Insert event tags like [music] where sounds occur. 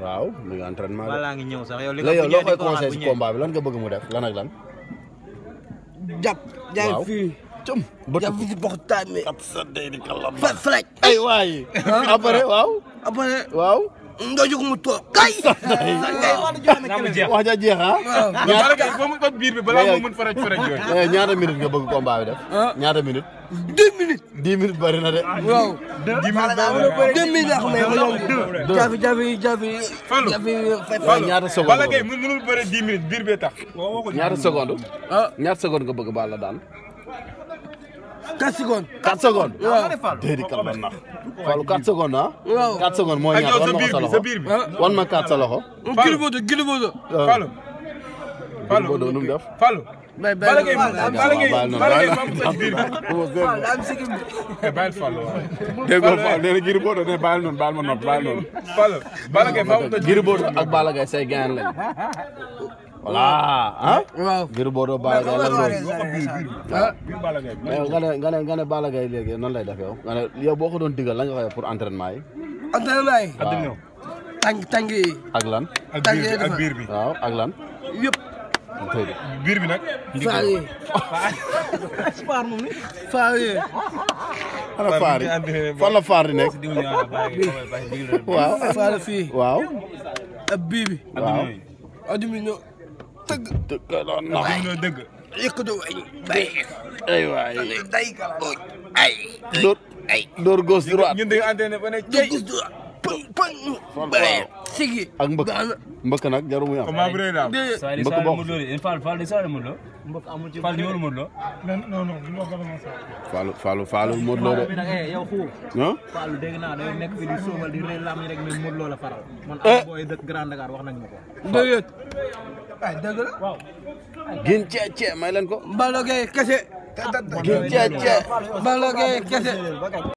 waaw mu ngi entraînement la. ngi ñëw sax yow li nga loo koy conseil lan nga bëgg mu def lan ak lan. jàpp jaay cum jàpp ci bi. ab sa day di kalam. fa flaj ay waay. [laughs] après waaw. après waaw. nga mu toog kay. wax ja jeex ah. waaw biir bi balaa eh, moo mën faraj faraj yooyu. Eh, ñaata minute nga bëgg combat bi def. Ah. ñaata minute. deux minutes. dix minutes bëri na de. waaw. dix minutes deux minutes wax mais yow. jaafi jaafi jaafi. Fallou Fallou ñaata seconde. Balla Gaye mënul bëri dix minutes biir bee tax. ñaata seconde. Ah. ñaata seconde nga bëgg Balla daan. 4 secondes. 4 secondes. waaw déedéet kalma nax. Fallou 4 secondes ah. waaw 4 secondes moo ñaar wan ma ko sa loxo wan ma kaat sa loxo. Gris Bordeaux Gris Bordeaux. Fallou Gris Bordeaux nu mu def. Fallou. mais Balla Gaye Balla Gaye Balla Gaye moom sa biir bi. bàyyil Fallou waaye. dégg nga Fallou nee na Gris Bordeaux ne bàyyil noonu bàyyil ma nopp bàyyil noonu. Fallou Balla Gaye Gris Bordeaux ak Balla Gaye say gaañ lañ. voilà ah. waaw ngir boo doon Balla Gaye nga ne nga ne nan lay def yow. nga boo ko doon digal lan nga koy pour entraînement yi. entraînement yi. waaw yi. ak lan. ak biir bi ak biir bi waaw ak lan. biir bi nag. faar yi faar moom faar yi. faar yi faar di nekk. waaw faar fii. waaw. ak tëgg. dëgg la non dëgg. yëkkatu waay bay. ay waay day ay. door ay door gauche droite. ñun dañu ne. gauche sigi ak mbëkk mbëkk nag jaru muy am. comment bu la mbëkk bokk Fall Fall Fall amul ci. Fall ñëwul Modou Lo. non non non Fall Fall Fall Modou Lo de. yow xul. Fall dégg naa day nekk di sóobal di rey lam rek mais Modou Lo la faral. man am booy dëkk Grand Dakar wax nañ ma ko. gin cee may leen ko. Balla Gaye kese.